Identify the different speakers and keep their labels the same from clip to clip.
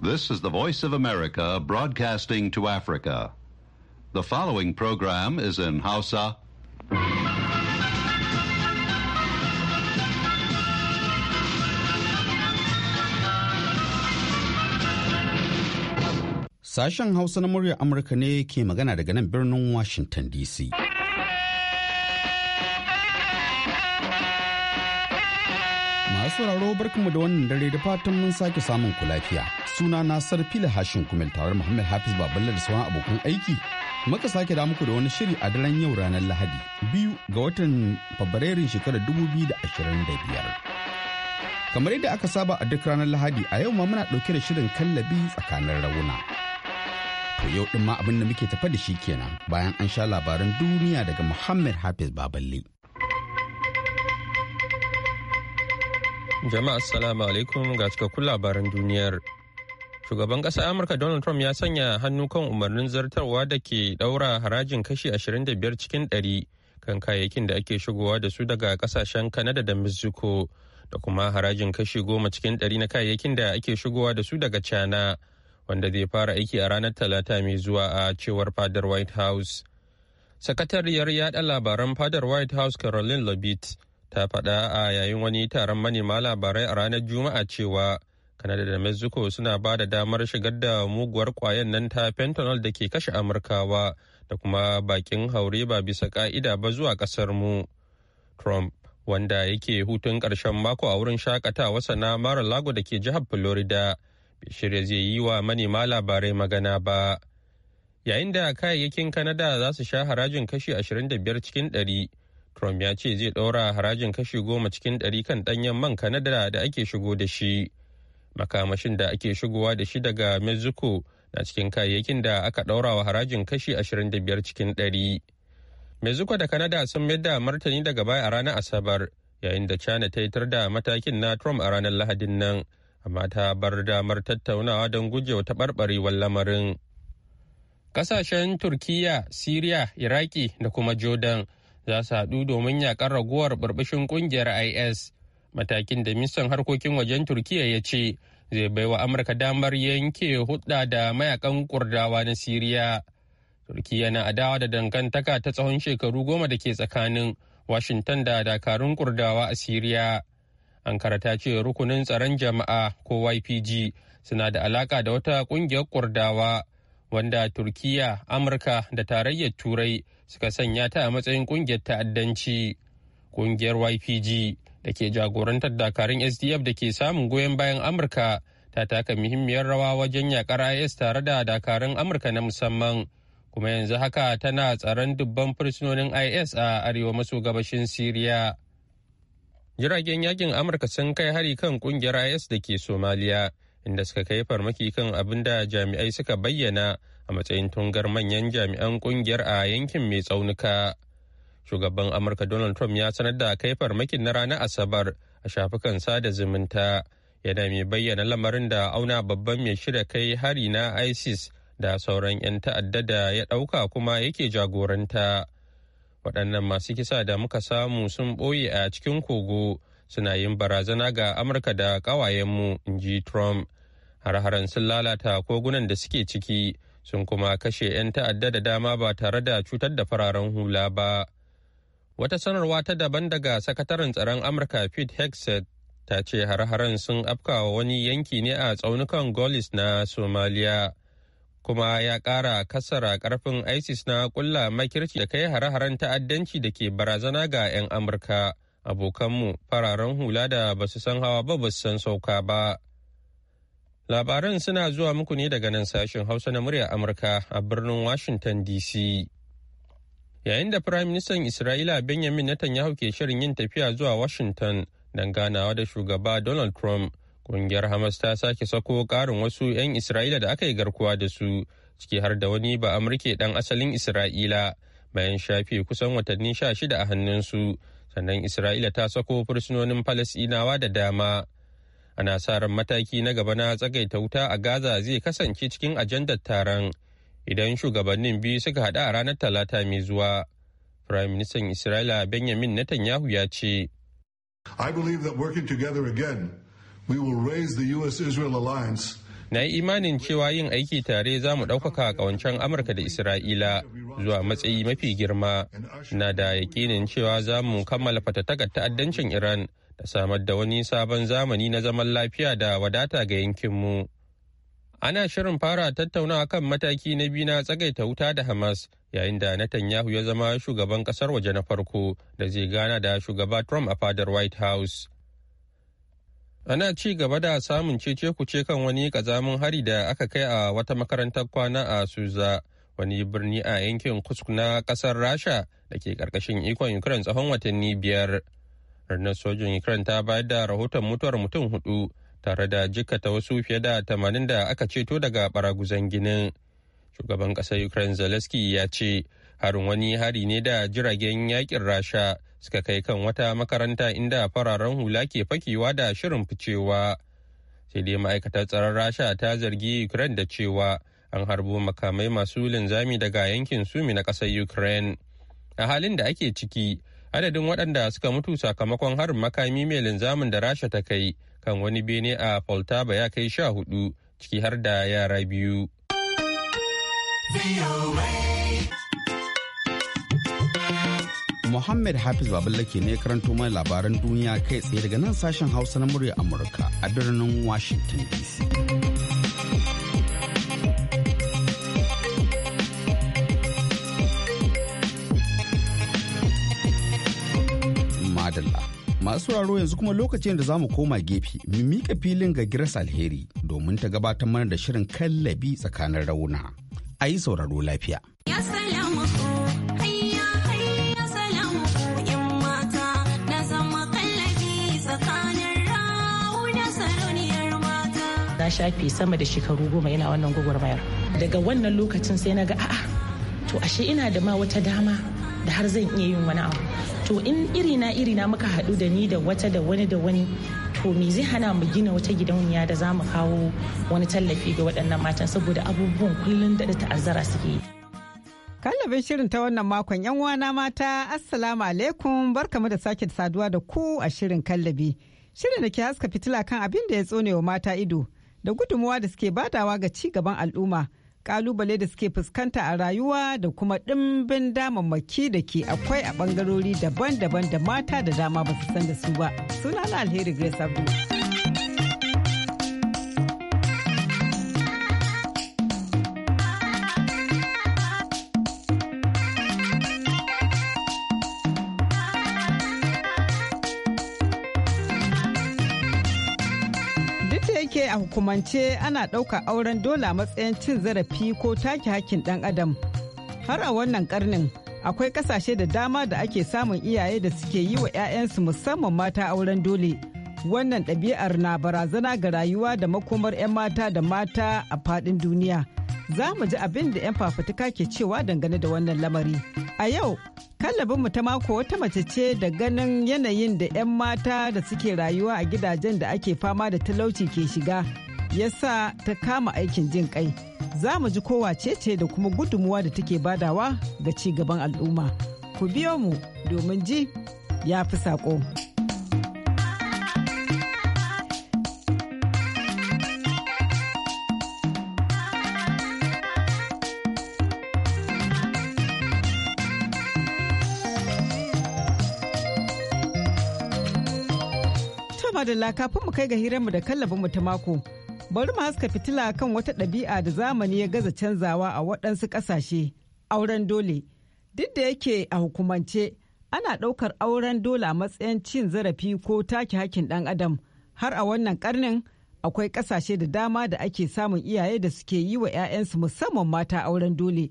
Speaker 1: This is the Voice of America broadcasting to Africa. The following program is in Hausa. Sashen Hausa na muryar Amurka ne ke magana daga nan birnin Washington DC. masu sauraro barkanmu da wannan dare da fatan mun sake samun ku lafiya. Suna na Sarfila Hashin Kumel tare Muhammad Hafiz Baballa da sauran abokan aiki. Muka sake da muku da wani shiri a daren yau ranar Lahadi biyu ga watan Fabrairun shekarar 2025. Kamar yadda aka saba a duk ranar Lahadi a yau ma muna ɗauke da shirin kallabi tsakanin rauna. To yau ɗin ma abin da muke tafa da shi kenan bayan an sha labaran duniya daga Muhammad Hafiz Baballe.
Speaker 2: Jama'a assalamu alaikum ga cikakkun labaran duniyar. Shugaban ƙasa Amurka Donald Trump ya sanya hannu kan umarnin zartarwa da ke ɗaura harajin kashi 25 cikin 100 kan kayayyakin da ake shigowa da su daga ƙasashen Canada da Mexico da kuma harajin kashi 10 cikin 100 na kayayyakin da ake shigowa da su daga China wanda zai fara aiki a ranar Talata mai zuwa a cewar fadar White House. Sakatariyar yaɗa labaran fadar White House Caroline Levitt ta faɗa a yayin wani taron manema labarai a ranar juma'a cewa kanada da mexico suna ba da damar shigar da muguwar kwayan nan ta fentanyl da ke kashe amurkawa da kuma bakin haure ba bisa ka'ida ba zuwa kasar mu trump wanda yake hutun ƙarshen mako a wurin shakatawa na mara lago da ke jihar florida bai shirya zai yi wa manema labarai magana ba yayin da kayayyakin kanada za su sha harajin kashi 25 cikin 100 Trump ya ce zai ɗora harajin kashi goma cikin ɗari kan ɗanyen man Kanada da ake shigo da shi. Makamashin da ake shigowa da shi daga Mexico na cikin kayayyakin da aka ɗaura wa harajin kashi 25 cikin ɗari. Mexico da Kanada sun mayar da martani daga baya a ranar Asabar, yayin da China ta yitar da matakin na Trump a ranar Lahadin nan, amma ta bar damar tattaunawa don gujewa taɓarɓarewar lamarin. Ƙasashen Turkiyya, Siriya, Iraki da kuma Jordan za su haɗu domin yaƙar raguwar burbushin ƙungiyar is matakin da ministan harkokin wajen Turkiyya ya ce zai baiwa amurka damar yanke hudda da mayakan kurdawa na siriya Turkiyya na adawa da dangantaka ta tsawon shekaru goma da ke tsakanin washington da dakarun kurdawa a siriya ankara ta ce rukunin tsaron jama'a ko ypg suna da alaka da wata ƙungiyar kurdawa wanda Turkiya, Amurka da Tarayyar Turai suka sanya ta a matsayin ƙungiyar ta'addanci. Ƙungiyar YPG da ke jagorantar dakarun SDF da ke samun goyon bayan Amurka ta taka muhimmiyar rawa wajen yakar IS tare da dakarun Amurka na musamman. Kuma yanzu haka tana tsaron dubban fursunonin IS a arewa maso gabashin Siriya. Jiragen yakin Amurka sun kai hari kan ƙungiyar IS da ke Somaliya. inda suka kai farmaki kan abin da jami'ai suka bayyana a matsayin tungar manyan jami'an kungiyar a yankin mai tsaunuka. Shugaban Amurka Donald Trump ya sanar da kai farmakin na ranar Asabar a shafukan sada zumunta. Yana mai bayyana lamarin da auna babban mai shirya kai hari na ISIS da sauran 'yan ta'adda da ya ɗauka kuma yake jagoranta. Waɗannan masu kisa da muka samu sun ɓoye a cikin kogo suna yin barazana ga amurka da kawayenmu in ji trump har-haren sun lalata kogunan da suke ciki sun kuma kashe 'yan ta'adda da dama ba tare da cutar da fararen hula ba wata sanarwa ta daban daga sakataren tsaron amurka pete hexet ta ce har-haren sun afkawa wani yanki ne a tsaunukan golis na somaliya kuma ya ƙara kasara karfin isis na ƙulla makirci da kai har-haren ta'addanci da ke barazana ga 'yan amurka. abokanmu fararen hula da ba su san hawa ba ba su san sauka ba. Labaran suna zuwa muku ne daga nan sashen Hausa na murya Amurka a birnin Washington DC. Yayin da Firayim Ministan Isra'ila Benjamin Netanyahu ke shirin yin tafiya zuwa Washington don ganawa da shugaba Donald Trump, kungiyar Hamas ta sake sako ƙarin wasu 'yan Isra'ila da aka yi garkuwa da su, ciki har da wani ba Amurke ɗan asalin Isra'ila bayan shafe kusan watanni sha shida a hannunsu. su. sannan isra'ila ta sako fursunonin falasinawa da dama ana sa ran mataki na gaba na tsagaita wuta a gaza zai kasance cikin ajandar taron idan shugabannin biyu suka haɗu a ranar talata mai zuwa prime minister isra'ila benjamin netanyahu ya ce i believe that working together again we will raise the u.s. israel alliance na yi imanin cewa yin aiki tare za mu ɗaukaka ƙawancen amurka da isra'ila zuwa matsayi mafi girma na da yakinin cewa za mu kammala fatattakar ta'addancin iran da samar da wani sabon zamani na zaman lafiya da wadata ga yankinmu ana shirin fara tattaunawa kan mataki na biyu na tsagaita wuta da hamas yayin da netanyahu ya zama shugaban kasar waje na farko da zai gana da shugaba trump a fadar white house Ana ci gaba da samun cece kuce kan wani kazamin hari da aka kai a wata makarantar kwana a Suza, wani birni a yankin Kusk na ƙasar Rasha da ke ƙarƙashin ikon Ukraine tsawon watanni biyar. Rannan sojin Ukraine ta bayar da rahoton mutuwar mutum hudu tare da jikkata wasu fiye da tamanin da aka ceto daga baraguzan ginin. Shugaban ƙasar Ukraine Zelensky ya ce harin wani hari ne da jiragen yakin rasha suka kai kan wata makaranta inda fararen hula ke fakewa da shirin ficewa sai dai ma'aikatar tsaron rasha ta zargi ukraine da cewa an harbo makamai masu linzami daga yankin sumi na ƙasar ukraine a halin da ake ciki adadin waɗanda suka mutu sakamakon harin makami mai linzamin da rasha ta kai kan wani bene a poltaba ya kai sha hudu ciki har da yara biyu.
Speaker 1: Muhammad Hafiz ke ne karanto mai labaran duniya kai tsaye daga nan sashen Hausa na murya Amurka a birnin Washington DC. Madalla. Masu raro yanzu kuma lokacin da zamu koma gefe mu mika filin ga Giras Alheri domin ta gabatar mana da shirin kallabi tsakanin rauna. A sauraro lafiya.
Speaker 3: Yes,
Speaker 4: shafi sama da shekaru goma yana wannan gwagwarmayar daga wannan lokacin sai na ga a'a to ashe ina da ma wata dama da har zan iya yin wani abu to in irina irina muka haɗu da ni da wata da wani da wani to me zai hana mu gina wata gidauniya da za mu kawo wani tallafi ga waɗannan matan saboda abubuwan kullum da ta'azzara suke yi.
Speaker 5: kallabin shirin ta wannan makon yan uwana mata assalamu alaikum barkamu da sake saduwa da ku a shirin kallabi shirin da ke haska fitila kan abin da ya tsone wa mata ido da gudunmuwa da suke badawa ga ci gaban al'umma kalubale da suke fuskanta a rayuwa da kuma ɗimbin damammaki da ke akwai a ɓangarori daban-daban da mata da dama ba su san da su ba. suna Sunana Alheri Grace Abdul. hukumance ana ɗauka auren dole a matsayin cin zarafi ko take hakkin ɗan adam. Har a wannan karnin akwai ƙasashe da dama da ake samun iyaye da suke yi wa 'ya'yansu musamman mata auren dole. Wannan ɗabi'ar na barazana ga rayuwa da makomar 'yan mata da mata a faɗin duniya. Za mu ji abin da 'yan fafutuka ke cewa dangane da wannan lamari. A yau, kallabinmu ta mako wata mace ce da ganin yanayin da 'yan mata da suke rayuwa a gidajen da ake fama da talauci ke shiga, ya sa ta kama aikin jin kai. Za mu ji kowa ce da kuma gudunmuwa da take badawa ga ci gaban al'umma. Ku biyo mu domin ji ya fi saƙo. madalla kafin mu kai ga hiranmu da kallabin mu ta mako. Bari mu haska fitila kan wata ɗabi'a da zamani ya gaza canzawa a waɗansu ƙasashe, auren dole. Duk da yake a hukumance, ana ɗaukar auren dole a matsayin cin zarafi ko take hakkin ɗan adam. Har a wannan ƙarnin akwai ƙasashe da dama da ake samun iyaye da suke yi wa 'ya'yansu musamman mata auren dole.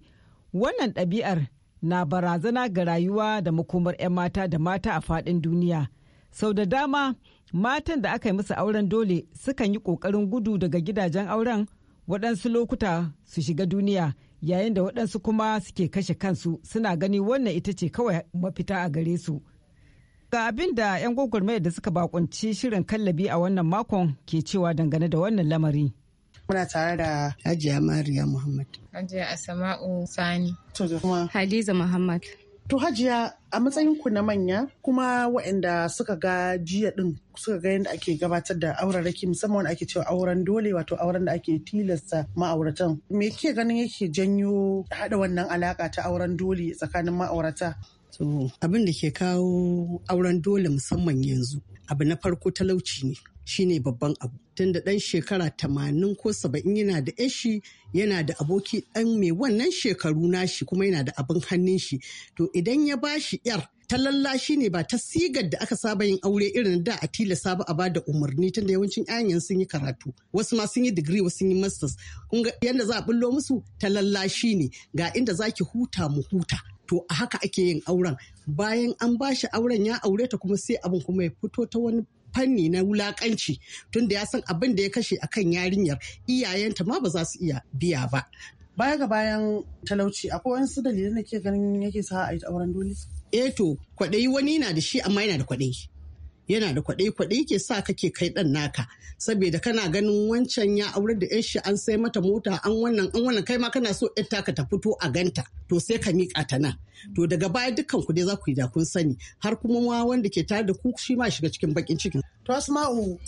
Speaker 5: Wannan ɗabi'ar na barazana ga rayuwa da makomar 'yan mata da mata a faɗin duniya. sau da dama matan da aka yi musu auren dole sukan yi ƙoƙarin gudu daga gidajen auren waɗansu lokuta su shiga duniya yayin da waɗansu kuma suke kashe kansu suna gani wannan ita ce kawai mafita a gare su ga abin da 'yan gwagwarmayar da suka bakunci shirin kallabi a wannan makon ke cewa dangane da wannan lamari Muna tare da Hajiya Mariya Muhammad.
Speaker 3: Hajiya Asama'u Sani. Hadiza Muhammad. To hajiya
Speaker 6: a matsayin ku na manya kuma waɗanda suka ga jiya ɗin suka ga yadda ake gabatar da rake musamman ake cewa auren dole wato auren da ake tilasta ma'auratan. Me ke ganin yake janyo haɗa wannan alaƙa ta auren dole tsakanin ma'aurata?
Speaker 7: abin da ke kawo auren dole musamman yanzu abu na farko talauci ne shine babban abu tunda ɗan shekara tamanin ko saba'in yana da yashi yana da aboki ɗan mai wannan shekaru nashi kuma yana da abin hannun shi to idan ya ba shi yar ta lallashi ne ba ta sigar da aka saba yin aure irin da a tilasta ba a ba da umarni tunda yawancin yayan sun yi karatu wasu ma sun yi digiri wasu sun yi masters kun yanda za a bullo musu ta lallashi ne ga inda zaki huta mu huta to a haka ake yin auren bayan an ba shi auren ya aure ta kuma sai abin kuma ya fito ta wani fanni na wulakanci tunda ya san abin da ya kashe akan yarinyar iyayenta ma ba za su iya biya ba baya ga bayan talauci akwai wasu dalilan da ke ganin yake sa a yi auren dole eh to kwaɗayi wani na da shi amma yana da kwaɗayi yana da kwaɗe-kwaɗe ke sa kake kai ɗan naka saboda kana ganin wancan ya aure da yan shi an sai mata mota an wannan an wannan kai ma kana so yan taka ta fito a ganta to sai ka miƙa ta nan to daga baya dukkan ku dai za ku yi da kun sani har kuma ma wanda ke tare da ku shi ma shiga cikin bakin ciki. to asma'u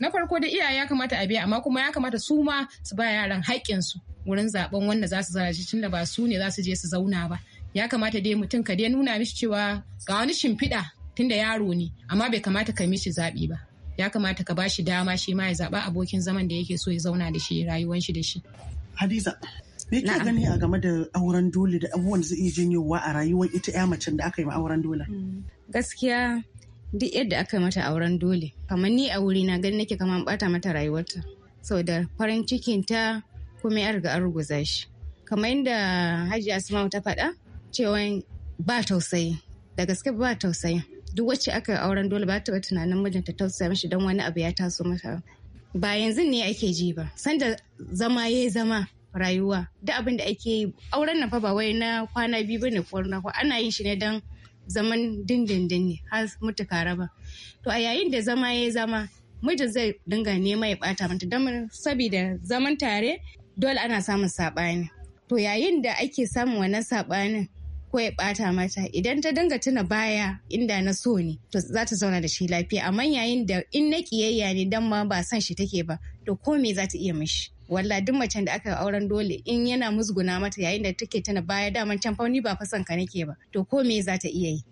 Speaker 8: na farko da iyaye ya kamata a biya amma kuma ya kamata su ma su ba yaran su wurin zaben wanda za su tun da ba su ne za su je su zauna ba ya kamata dai mutum ka dai nuna mishi cewa ga wani shimfiɗa tunda yaro ne amma bai kamata ka mishi zaɓi ba ya kamata ka bashi dama shi ma ya zaɓa abokin zaman da yake so ya zauna da shi rayuwar shi da shi hadiza
Speaker 6: me ke gani a game da auren dole da abubuwan zai iya janyowa a rayuwar ita ya macen da aka yi ma auren
Speaker 3: dole mm. gaskiya duk yadda aka yi mata auren dole kamar ni a wuri na gani nake kamar bata mata rayuwarta da farin cikin ta kuma ya riga an ruguza shi kamar yadda hajiya asma ta faɗa cewa ba tausayi da gaske ba tausayin duk wacce aka yi auren dole ba ta tunanin mijinta ta tausaya mishi dan wani abu ya taso masa ba yanzu ne ake ji ba sanda zama ya zama rayuwa duk abin da ake yi auren nan fa ba wai na kwana biyu bane ko na ana yin shi ne dan zaman dindindin ne har mutuka raba to a yayin da zama ya zama mijin zai dinga nema ya bata mata don saboda zaman tare dole ana samun saɓani to yayin da ake samun wannan saɓanin ko ya bata mata idan ta dinga tuna baya inda na so ne to za ta zauna da shi lafiya amma yayin da in na kiyayya ne dan ma ba son shi take ba to ko me za ta iya mishi walla duk macen da aka auren dole in yana musguna mata yayin da take tuna baya daman can fauni ba ba fasan ka nake ba to ko me za ta iya yi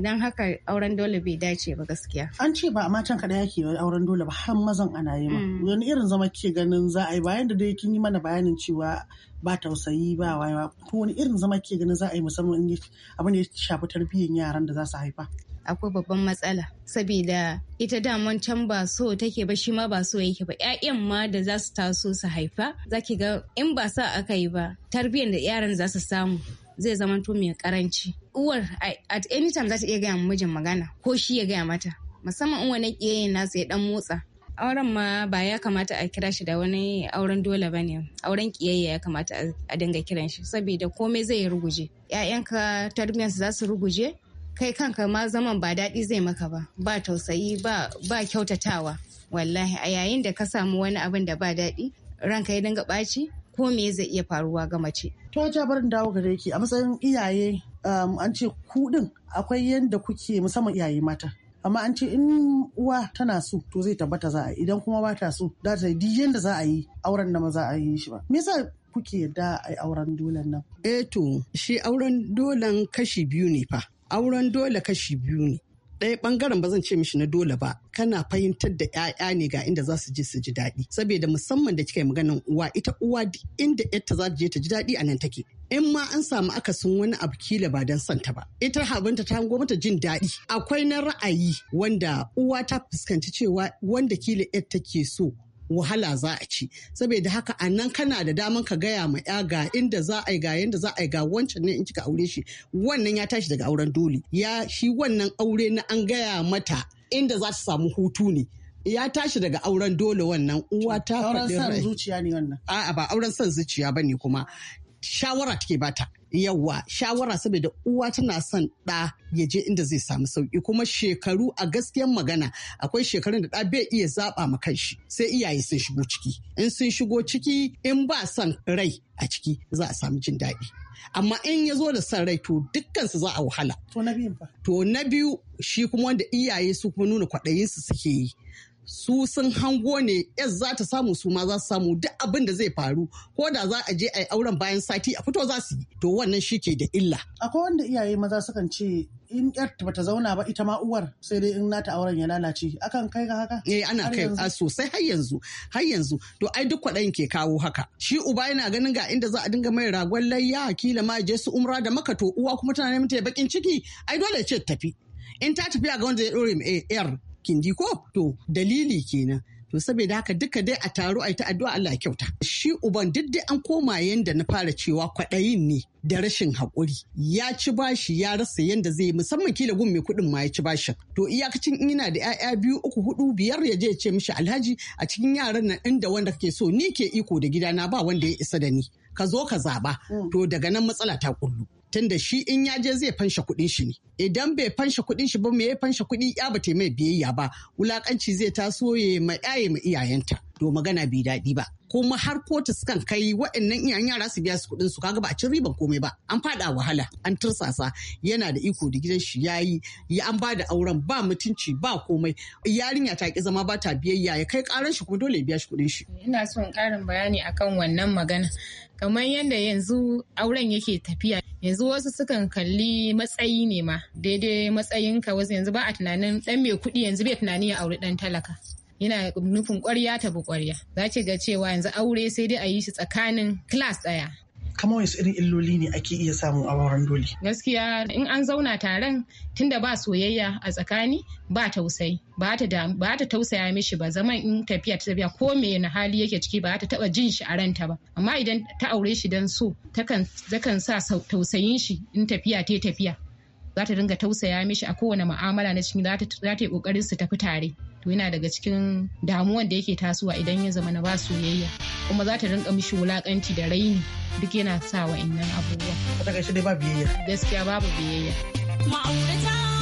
Speaker 3: don haka auren dole bai dace ba gaskiya an ce ba a matan kaɗai yake auren dole ba har
Speaker 6: mazan ana yi ma mm. wani irin zama ke ganin za a yi bayan da dai kin yi mana bayanin cewa ba tausayi ba wayewa ko wani irin zama ke ganin za a yi musamman abin da ya shafi tarbiyyar yaran
Speaker 3: da za su haifa akwai babban matsala saboda ita daman can ba so take ba shi ma ba so yake ba ƴaƴan ma da za su taso su haifa zaki ga in ba sa aka yi ba tarbiyyar da yaran za su samu zai zama to mai karanci uwar at any time za ta iya gaya mijin magana ko shi ya gaya mata musamman in wani kiyayen nasa ya dan motsa auren ma ba ya kamata a kira shi da wani auren dole ba ne auren kiyayya ya kamata a dinga kiran shi saboda komai zai yi ruguje ƴaƴanka su za su ruguje kai kanka ma zaman ba daɗi zai maka ba ba tausayi ba ba kyautatawa wallahi a yayin da ka samu wani abin da ba daɗi ranka ya dinga ɓaci ko me zai iya faruwa ga mace. To ja barin dawo gare ki a matsayin iyaye um, an ce kuɗin akwai
Speaker 6: yadda kuke musamman iyaye mata. amma an ce in uwa tana so to zai tabbata za a yi idan kuma ba ta so za ta yi yadda za a yi auren da ma za a yi shi ba me yasa kuke da
Speaker 7: a yi auren dolen nan eh to shi auren dolen kashi biyu ne fa auren dole kashi biyu ne ɗaya bangaren ba zan ce mishi na dole ba kana fahimtar da 'ya'ya ne ga inda za su je su ji daɗi saboda musamman da kika yi maganan uwa ita uwa inda 'yarta za ta je ta ji daɗi a nan take in ma an samu akasin wani abu kila ba don santa ba ita habinta ta hango mata jin daɗi akwai na ra'ayi wanda uwa ta fuskanci cewa wanda kila yar take so wahala za a ci saboda haka a nan kana da daman ka gaya ma ya ga inda za a yi ga yanda za a yi ga wancan ne in kika aure shi wannan ya tashi daga auren dole ya shi wannan aure na an gaya mata inda za ta samu hutu ne ya tashi daga auren dole wannan uwa ta faɗi rai auren son
Speaker 6: zuciya ne wannan
Speaker 7: a'a ba auren son zuciya bane kuma shawara take bata yawa shawara saboda uwa tana son ɗa ya je inda zai samu sauki kuma shekaru a gaskiyan magana akwai shekarun da ɗa bai iya zaɓa ma kanshi sai iyaye sun shigo ciki in sun shigo ciki in ba son rai a ciki za a samu jin daɗi amma in ya zo da son rai to dukkansu za a wahala to na biyu shi kuma wanda iyaye su kuma nuna kwaɗayinsu suke yi su sun hango ne yas za ta samu su ma za su samu duk abin da zai faru ko da za a je a yi auren bayan sati a fito za su yi to wannan shi ke da illa.
Speaker 6: Akwai wanda iyaye maza sukan ce in yar
Speaker 7: bata zauna ba ita ma uwar sai dai in nata auren ya lalace akan kai ga haka eh ana kai a sosai har yanzu har yanzu to ai duk kwaɗayin ke kawo haka shi uba yana ganin ga inda za a dinga mai ragon layya kila ma je su umra da maka to uwa kuma tana neman ta bakin ciki ai dole ce tafi in ta tafi a ga wanda ya dore ma eh, yar kin ji ko to dalili kenan to saboda haka duka dai a taro a ta addu'a Allah kyauta shi uban duk dai an koma yanda na fara cewa kwaɗayin ne da rashin haƙuri ya ci bashi ya rasa yanda zai musamman kila gun mai kuɗin ma ya ci bashin to iyakacin in yana da 'ya'ya biyu uku hudu biyar ya je ya ce mishi alhaji a cikin yaran nan inda wanda kake so ni ke iko da gidana ba wanda ya isa da ni ka zo ka zaba mm. to daga nan matsala ta kullu tun da shi in ya je zai fanshe kuɗin shi ne idan bai fanshe kuɗin shi ba me ya fanshe kuɗi ya ba mai biyayya ba wulakanci zai taso ya ma ma iyayenta do magana bai daɗi ba kuma har kotu sukan kai waɗannan iyayen yara su biya su kuɗin su kaga ba a cin riban komai ba an fada wahala an tursasa yana da iko da gidan shi yayi ya an ba da auren ba mutunci ba komai yarinya ta ki zama ba ta biyayya ya kai karan shi kuma dole ya biya shi kuɗin shi
Speaker 8: ina son karin bayani akan wannan magana kamar yadda yanzu auren yake tafiya yanzu wasu sukan kalli matsayi ne ma daidai matsayinka wasu yanzu ba a tunanin dan mai kuɗi yanzu bai tunanin ya auri dan talaka yana nufin ƙwarya ta bi ƙwarya za ki ga cewa yanzu aure sai dai a yi shi tsakanin class ɗaya
Speaker 6: kamar wasu irin illoli ne ake iya samu a wurin dole.
Speaker 8: Gaskiya in an zauna taron tunda ba soyayya a tsakani ba tausayi ba ta tausaya mishi ba zaman in tafiya ta tafiya ko me na hali yake ciki ba ta taba jin shi a ranta ba amma idan ta aure shi dan so kan sa tausayin shi in tafiya ta tafiya za ta dinga tausaya mishi a kowane mu'amala na cikin za ta yi kokarin su tafi tare to yana daga cikin damuwan da yake tasowa idan ya zama na ba soyayya kuma za ta rinka mishi wulakanci da raini duk yana sa wa'annan abubuwa.
Speaker 7: Daga dai ba biyayya. Gaskiya babu biyayya. Ma'aurata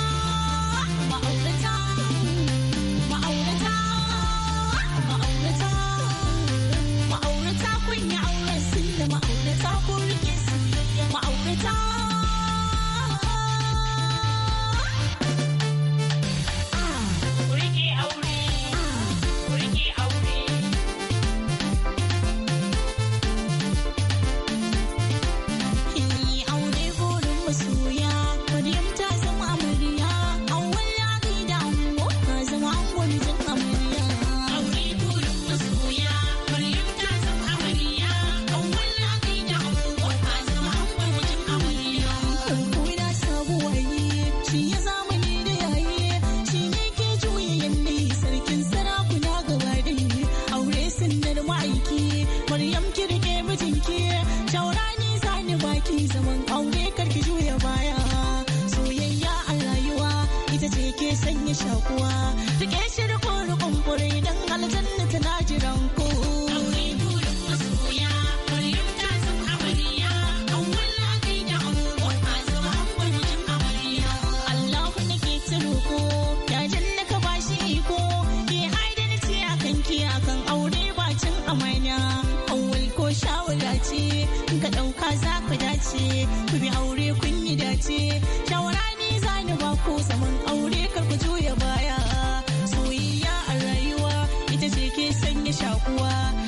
Speaker 4: ke sanya shakuwa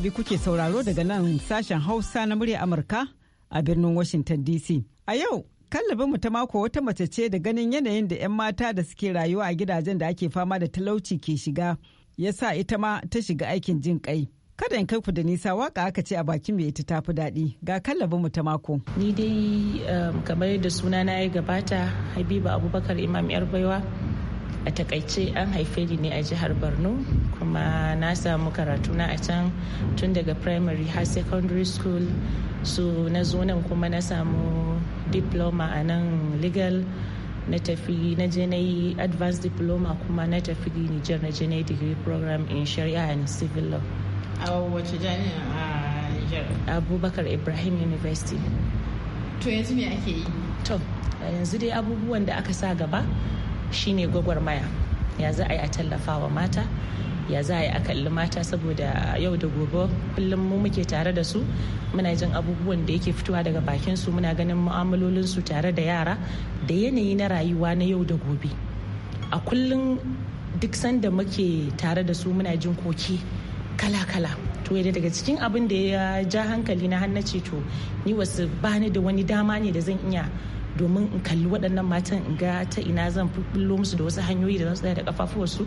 Speaker 5: galibi kuke sauraro daga nan sashen Hausa na murya Amurka a birnin Washington DC. A yau, kallabinmu ta mako wata mace ce da ganin yanayin da 'yan mata da suke rayuwa a gidajen da ake fama da talauci ke shiga, ya sa ita ma ta shiga aikin jin kai. Kada in kai ku da nisa waka aka ce a bakin mai ita tafi daɗi ga kallabinmu
Speaker 4: ta mako. Ni dai eh, kamar yadda suna na ya gabata Habiba Abubakar Imam yar baiwa a takaice an haife ni ne a jihar borno kuma na samu karatuna a can tun daga primary har secondary school so na zo kuma na samu diploma a nan legal na tafi na je na yi advanced diploma kuma na tafi nijar na je na yi degree program in shari'a and civil law a wace jami'a a nijar abubakar ibrahim university to yanzu me ake yi to yanzu dai abubuwan da aka sa gaba shine gwagwarmaya ya za a yi a tallafa wa mata ya za a yi a kalli mata saboda yau da gobe kullum mu muke tare da su muna jin abubuwan da yake fitowa daga bakin su muna ganin mu'amalolin su tare da yara da yanayi na rayuwa na yau da gobe a kullum duk sanda muke tare da su muna jin koki kala-kala to yadda daga cikin abin da ya ja hankali na hannace to ni wasu bani da wani dama ne da zan iya domin in kalli waɗannan matan in ga ta ina zan bullo musu da wasu hanyoyi da zan tsaya da kafafuwarsu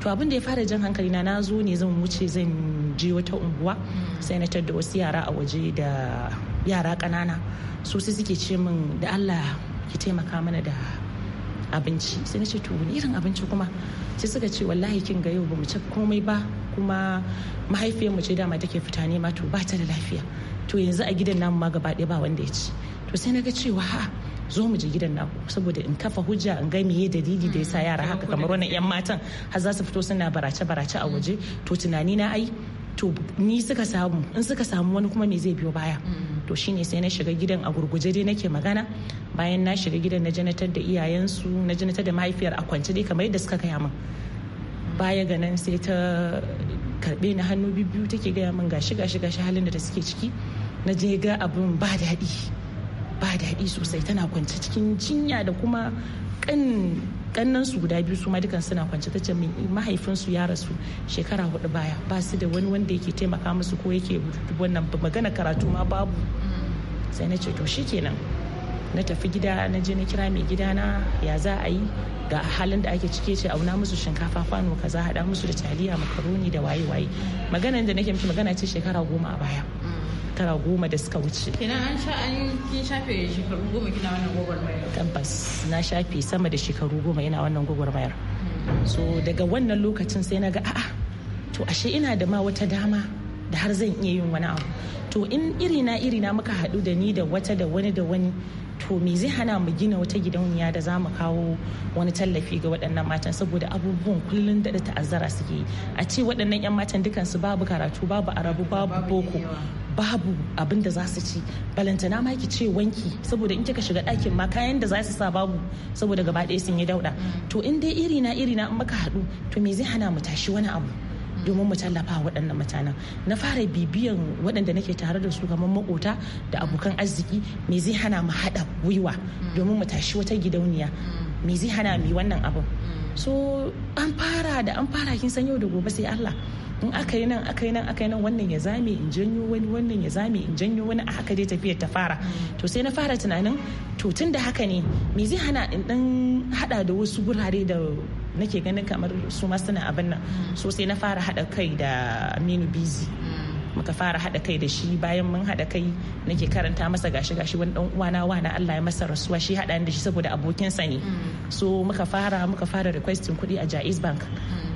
Speaker 4: to abin da ya fara jan hankali na zo ne zan wuce zan je wata unguwa sai na da wasu yara a waje da yara ƙanana su sai suke ce min da Allah ki taimaka mana da abinci sai na ce to wani irin abinci kuma sai suka ce wallahi kin ga yau ba mu ci komai ba kuma mahaifiyar mu ce dama take fita nema to ba ta da lafiya to yanzu a gidan namu ma gaba ɗaya ba wanda ya ci to sai na ga cewa ha zo mu je gidan naku saboda in kafa hujja in ga meye dalili da yasa yara haka kamar wannan yan matan har za su fito suna barace barace a waje to tunani na ai to ni suka samu in suka samu wani kuma me zai biyo baya to shine sai na shiga gidan a gurguje dai nake magana bayan na shiga gidan na janatar da iyayensu na janatar da mahaifiyar a kwance dai kamar yadda suka kaya min baya ga nan sai ta karbe ni hannu biyu take gaya min gashi gashi gashi halin da ta suke ciki na je ga abin ba daɗi ba daɗi sosai tana kwance cikin jinya da kuma kan kannan su guda biyu su ma dukan suna kwance ta ce mahaifinsu ya rasu shekara hudu baya ba su da wani wanda yake taimaka musu ko yake wannan magana karatu ma babu sai na ce to shikenan na tafi gida na je na kira mai gidana ya za a yi ga halin da ake cike ce auna musu shinkafa kwano kaza haɗa musu da taliya makaroni da waye waye maganan da nake miki magana ce shekara goma a baya shekara goma da suka wuce. Kina an
Speaker 5: sha an kin shafe shekaru goma kina wannan gwagwarmayar?
Speaker 4: Tabbas na shafe sama da shekaru goma ina wannan gwagwarmayar. So daga wannan lokacin sai na ga a'a to ashe ina da ma wata dama da har zan iya yin wani abu. To in irina irina muka haɗu da ni da wata da wani da wani to me zai hana mu gina wata gidauniya da za mu kawo wani tallafi ga waɗannan matan saboda abubuwan kullum da ta'azzara suke a ce waɗannan 'yan matan dukansu babu karatu babu arabu babu boko babu abin da za su ci balantana ma ki ce wanki saboda in kika shiga ɗakin ma kayan da za su sa babu saboda gaba ɗaya sun yi dauɗa mm. to in dai irina-irina in muka haɗu to me zai hana mu tashi wani abu domin mu tallafa waɗannan mutanen na fara bibiyan waɗanda nake tare da su kamar makota da abokan arziki me zai hana mu haɗa gwiwa domin mu tashi wata gidauniya me zai hana mu wannan abin so an fara da an fara kin san yau da gobe sai Allah in aka yi nan aka yi nan aka yi nan wannan ya zame in janyo wani wannan ya zame in janyo wani a haka dai tafiyar ta fara to sai na fara tunanin to tun da haka ne me zai hana in dan hada da wasu gurare da nake ganin kamar su ma abin nan mm. so sai na fara haɗa kai da aminu bizi mm. muka fara haɗa kai da shi bayan mun haɗa kai nake karanta masa gashi gashi wani dan uwana wana Allah ya masa rasuwa shi haɗa da shi saboda abokin sa ne mm. so muka fara muka fara requesting kuɗi a Jaiz Bank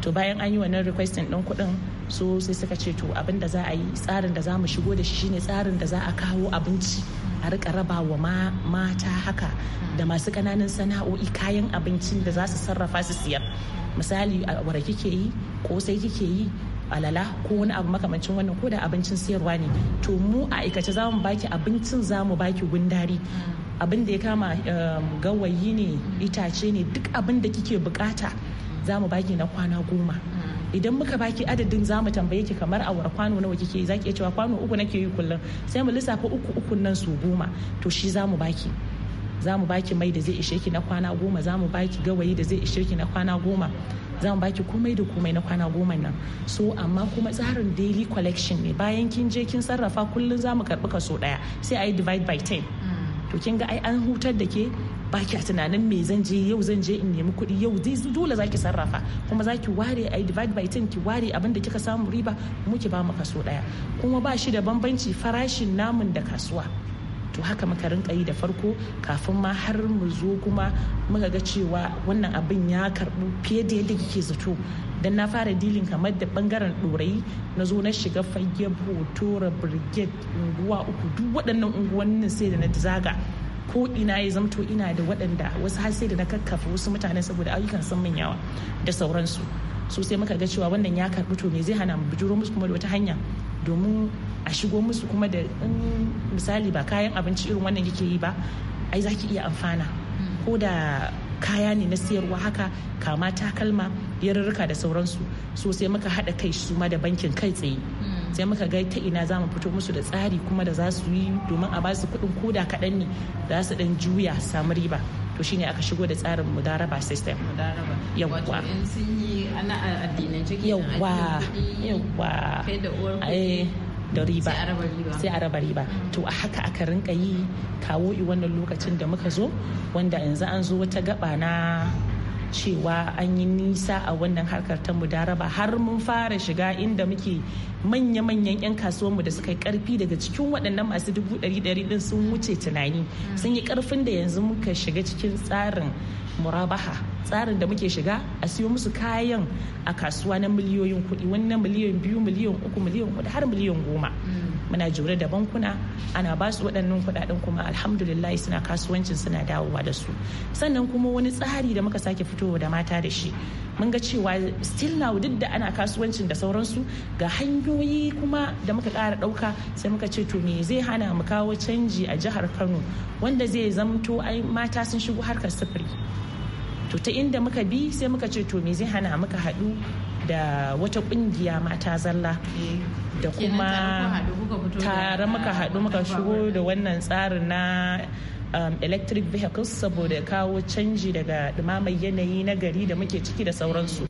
Speaker 4: to bayan an yi wannan requesting ɗin kuɗin so sai suka ce to abin da za a yi tsarin da za mu shigo da shi shine tsarin da za a kawo abinci a rika raba wa mata haka hmm. da masu ƙananan sana'o'i kayan abincin da za su sarrafa su siyar misali a wara kike yi kosai kike yi alala ko wani abu makamancin wannan ko da abincin siyarwa ne to mu a aikace zamu baki abincin zamu baki gundari hmm. abin da ya kama um, gawayi ne itace ne duk abin da kike bukata zamu baki na kwana goma hmm. idan muka baki adadin zamu tambaye ki kamar awar kwano nawa kike yi zaki iya cewa kwano uku nake yi kullum sai mu lissafa uku uku nan su goma to shi zamu baki za baki mai da zai ishe ki na kwana goma za baki gawayi da zai ishe ki na kwana goma za baki komai da komai na kwana goma nan so amma kuma tsarin daily collection ne bayan kin je kin sarrafa kullum zamu mu karɓi kaso ɗaya sai a yi divide by 10 mm. to kin ga ai an hutar da ke ba ki tunanin me zan je yau zan je in nemi kuɗi yau dole zaki sarrafa kuma zaki ware a divide by 10 ki ware abin da kika samu riba muke ba mu kaso ɗaya kuma ba shi da bambanci farashin namun da kasuwa to haka muka rinka yi da farko kafin ma har mu zo kuma muka ga cewa wannan abin ya karbu fiye da yadda kike zato dan na fara dilin kamar da bangaren ɗorayi na zo na shiga fage hotora brigade unguwa uku duk waɗannan unguwannin sai da na zaga ko ina ya zamto ina da waɗanda wasu har sai da na kakkafa wasu mutane saboda ayyukan sun min yawa da sauransu su sai muka ga cewa wannan ya karɓi to me zai hana mu bijiro musu kuma da wata hanya domin a shigo musu kuma da misali ba kayan abinci irin wannan yake yi ba ai zaki iya amfana hmm. ko da kaya ne na siyarwa haka kama takalma yarurruka da sauransu so sai muka haɗa kai su ma da bankin kai tsaye hmm. sai muka ga ta ina za mu fito musu da tsari kuma da za su yi domin a ba su kuɗin koda kaɗan ne za su ɗan juya samu riba to shine aka shigo da tsarin mudaraba system yawwa yawwa yawwa da eh, riba sai a raba riba to a haka aka rinka yi kawo i wannan lokacin da muka zo wanda yanzu an zo wata gaba na cewa an yi nisa a wannan harkar ta mudaraba har mun fara shiga inda muke manya-manyan 'yan kasuwanmu da suka yi karfi daga cikin waɗannan masu dubu ɗari ɗari ɗin sun wuce tunani sun yi karfin da yanzu muka shiga cikin tsarin murabaha tsarin da muke shiga a siyo musu kayan a kasuwa na miliyoyin kuɗi wani na biyu miliyoyin uku miliyoyin kuɗi har miliyoyin goma muna jure da bankuna ana ba su waɗannan kuɗaɗen kuma alhamdulillah suna kasuwancin suna dawowa da su sannan kuma wani tsari da muka sake fitowa da mata da shi mun ga cewa still now duk da ana kasuwancin da sauransu ga hanyoyi kuma da muka ƙara ɗauka sai muka ce to me zai hana mu kawo canji a jihar kano wanda zai zamto ai mata sun shigo harkar sufuri to ta inda muka bi sai muka ce to me zai hana muka haɗu da wata kungiya mata zalla eh, da kuma
Speaker 8: tare muka haɗu muka shigo
Speaker 4: da wannan tsarin na um, electric vehicles saboda kawo canji daga ɗumamar yanayi na gari da muke ciki da sauransu.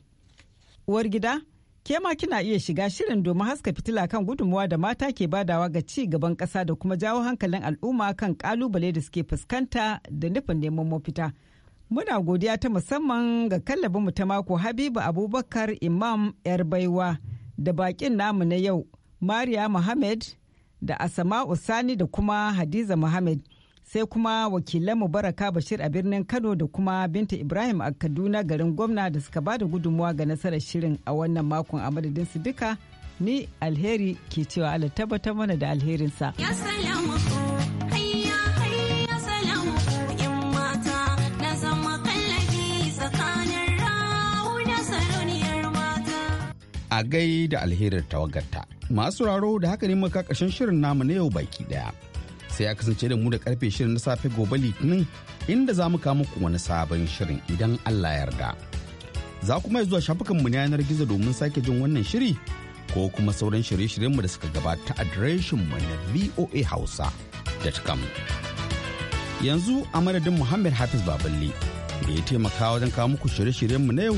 Speaker 5: Uwar gida, ke ma kina iya shiga shirin domin haska fitila kan gudunmuwa da mata ke badawa ga ci gaban ƙasa da kuma jawo hankalin al'umma kan ƙalubale da suke fuskanta da nufin neman mafita. Muna godiya ta musamman ga kallabinmu ta mako Habibu Abubakar Imam 'yar baiwa da bakin namu na yau, Mariya Muhammad da Asama'u Sani da kuma Hadiza Muhammad. sai kuma wakilan baraka bashir a birnin kano da kuma binta ibrahim a kaduna garin gwamna da suka bada gudunmuwa ga nasarar shirin a wannan makon a madadin su duka ni alheri ke cewa Allah tabbatar mana da alherinsa.
Speaker 1: a gai da alherar tawagarta. Masu raro da haka ne muka ƙarshen shirin namu na yau baki daya. Sai a kasance da mu da karfe shirin na safe gobe litinin inda za mu kawo muku wani sabon shirin idan Allah yarda. Za kuma zuwa shafukanmu na yanar gizo domin sake jin wannan shiri ko kuma sauran shirye-shiryenmu da suka gabata mu na voahausa.com. Yanzu a madadin Muhammad Hafiz Baballe da ya taimaka wajen kawo muku shirye-shiryenmu na yau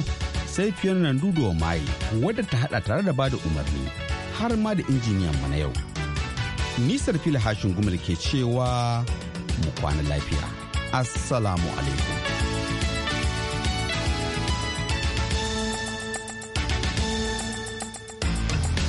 Speaker 1: sai nan nandudo mai wadda ta hada tare da bada umarni har ma da injiniyan mu na yau nisar fili hashin gumal ke cewa mu kwana lafiya assalamu alaikum